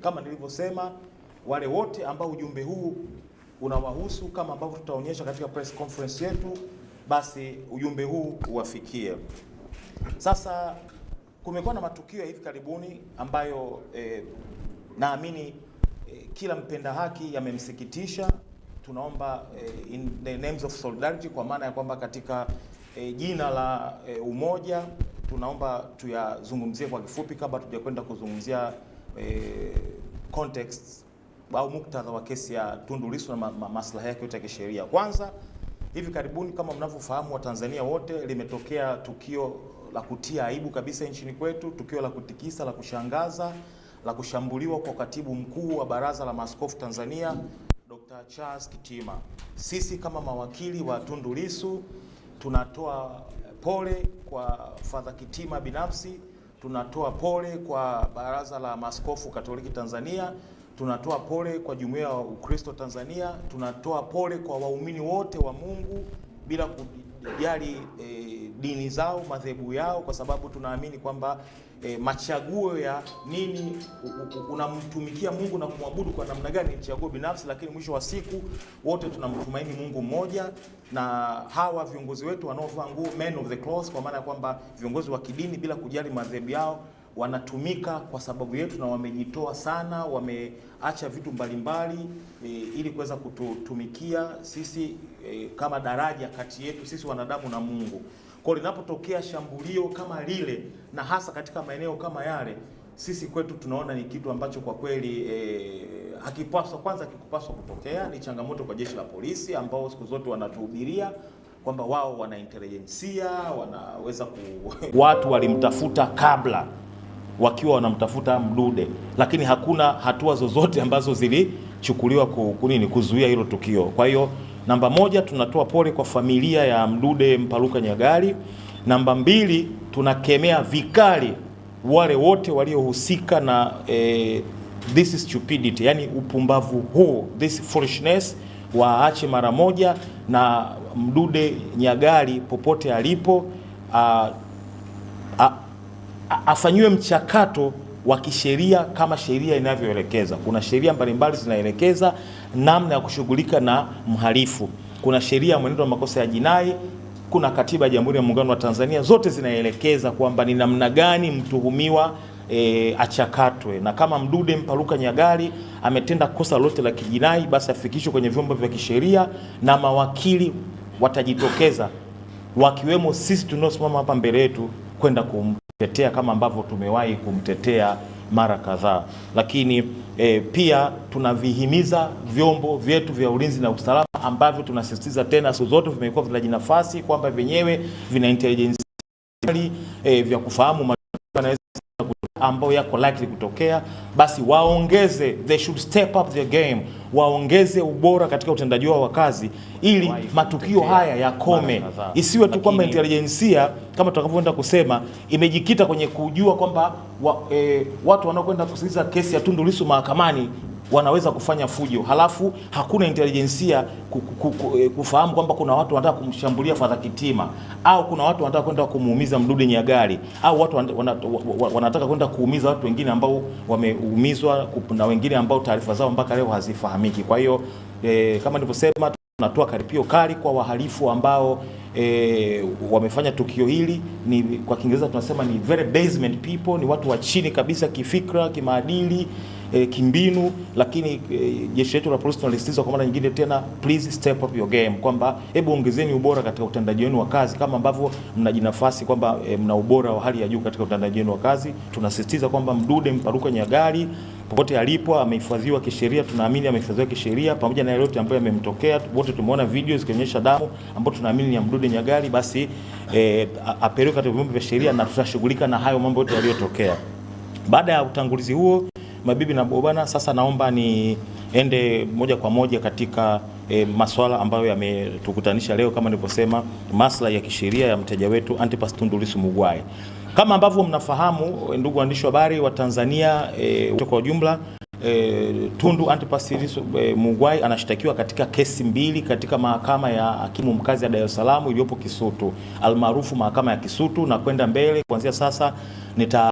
kama nilivyosema, wale wote ambao ujumbe huu unawahusu kama ambavyo tutaonyesha katika press conference yetu, basi ujumbe huu uwafikie. Sasa kumekuwa na matukio ya hivi karibuni ambayo eh, naamini eh, kila mpenda haki yamemsikitisha. Tunaomba eh, in the names of solidarity, kwa maana ya kwamba katika eh, jina la eh, umoja, tunaomba tuyazungumzie kwa kifupi kabla tujakwenda kuzungumzia e, context au muktadha wa kesi ya Tundu Lissu na ma, ma, maslahi yake yote ya kisheria. Kwanza, hivi karibuni kama mnavyofahamu Watanzania wote, limetokea tukio la kutia aibu kabisa nchini kwetu, tukio la kutikisa la kushangaza la kushambuliwa kwa katibu mkuu wa Baraza la Maaskofu Tanzania Dr. Charles Kitima. Sisi kama mawakili wa Tundu Lissu tunatoa pole kwa Father Kitima binafsi tunatoa pole kwa Baraza la Maaskofu Katoliki Tanzania, tunatoa pole kwa Jumuiya ya Ukristo Tanzania, tunatoa pole kwa waumini wote wa Mungu bila kujali eh, dini zao, madhehebu yao, kwa sababu tunaamini kwamba e, machaguo ya nini unamtumikia Mungu na kumwabudu kwa namna gani ni chaguo binafsi, lakini mwisho wa siku wote tunamtumaini Mungu mmoja. Na hawa viongozi wetu wanaovaa nguo men of the cloth, kwa maana ya kwamba viongozi wa kidini bila kujali madhehebu yao wanatumika kwa sababu yetu na wamejitoa sana, wameacha vitu mbalimbali mbali, eh, e, ili kuweza kututumikia sisi e, kama daraja kati yetu sisi wanadamu na Mungu. Kwa linapotokea shambulio kama lile na hasa katika maeneo kama yale, sisi kwetu tunaona ni kitu ambacho kwa kweli eh, hakipaswa kwanza, kikupaswa kutokea. Ni changamoto kwa jeshi la polisi ambao siku zote wanatuhubiria kwamba wao wana intelijensia wanaweza ku... watu walimtafuta kabla wakiwa wanamtafuta Mdude, lakini hakuna hatua zozote ambazo zilichukuliwa kunini kuzuia hilo tukio. Kwa hiyo Namba moja, tunatoa pole kwa familia ya Mdude Mpaluka Nyagali. Namba mbili, tunakemea vikali wale wote waliohusika na eh, this stupidity, yani upumbavu huu, this foolishness waache mara moja, na Mdude Nyagali popote alipo afanyiwe mchakato wa kisheria kama sheria inavyoelekeza. Kuna sheria mbalimbali zinaelekeza namna ya kushughulika na mhalifu, kuna sheria ya mwenendo wa makosa ya jinai, kuna katiba ya Jamhuri ya Muungano wa Tanzania, zote zinaelekeza kwamba ni namna gani mtuhumiwa E, achakatwe na kama Mdude Mpaluka Nyagali ametenda kosa lote la kijinai basi afikishwe kwenye vyombo vya kisheria, na mawakili watajitokeza wakiwemo sisi tunaosimama hapa mbele yetu kwenda kum, tetea kama ambavyo tumewahi kumtetea mara kadhaa, lakini e, pia tunavihimiza vyombo vyetu vya ulinzi na usalama ambavyo tunasisitiza tena siku zote vimekuwa vinajinafasi kwamba vyenyewe vina intelligence e, vya kufahamu ambayo yako likely kutokea, basi waongeze, they should step up their game, waongeze ubora katika utendaji wao wa kazi ili matukio haya yakome, isiwe tu kwamba intelijensia kama tutakavyoenda kusema imejikita kwenye kujua kwamba wa, e, watu wanaokwenda kusikiliza kesi ya Tundu Lissu mahakamani wanaweza kufanya fujo, halafu hakuna intelijensia eh, kufahamu kwamba kuna watu wanataka kumshambulia Fadha Kitima au kuna watu wanataka kwenda kumuumiza Mdude Nyagali au watu wanataka kwenda kuumiza watu wengine ambao wameumizwa na wengine ambao taarifa zao mpaka leo hazifahamiki. Kwa hiyo e, kama nilivyosema tunatoa karipio kali kwa wahalifu ambao e, wamefanya tukio hili. Ni kwa Kiingereza tunasema ni very basement people, ni watu wa chini kabisa kifikra, kimaadili e, kimbinu, lakini e, jeshi letu la polisi tunalisitiza kwa mara nyingine tena, please step up your game, kwamba hebu ongezeni ubora katika utendaji wenu wa kazi kama ambavyo mnajinafasi kwamba e, mna ubora wa hali ya juu katika utendaji wenu wa kazi. Tunasisitiza kwamba Mdude Mparuka Nyagali popote alipo amehifadhiwa kisheria, tunaamini amehifadhiwa kisheria pamoja na yote ambayo yamemtokea. Wote tumeona video zikionyesha damu ambayo tunaamini ni ya Mdude Nyagali, basi e, apelekwe katika vyombo vya sheria na tutashughulika na hayo mambo yote yaliyotokea. Baada ya utangulizi huo mabibi na bobana, sasa naomba niende moja kwa moja katika e, eh, masuala ambayo yametukutanisha leo, kama nilivyosema, maslahi ya kisheria ya mteja wetu Antipas Tundu Lissu Mugwai. Kama ambavyo mnafahamu, eh, ndugu waandishi wa habari wa Tanzania e, kwa ujumla E, Tundu Antipas Lissu e, Mugwai anashtakiwa katika kesi mbili katika mahakama ya hakimu mkazi ya Dar es Salaam iliyopo Kisutu almaarufu mahakama ya Kisutu, na kwenda mbele kuanzia sasa nita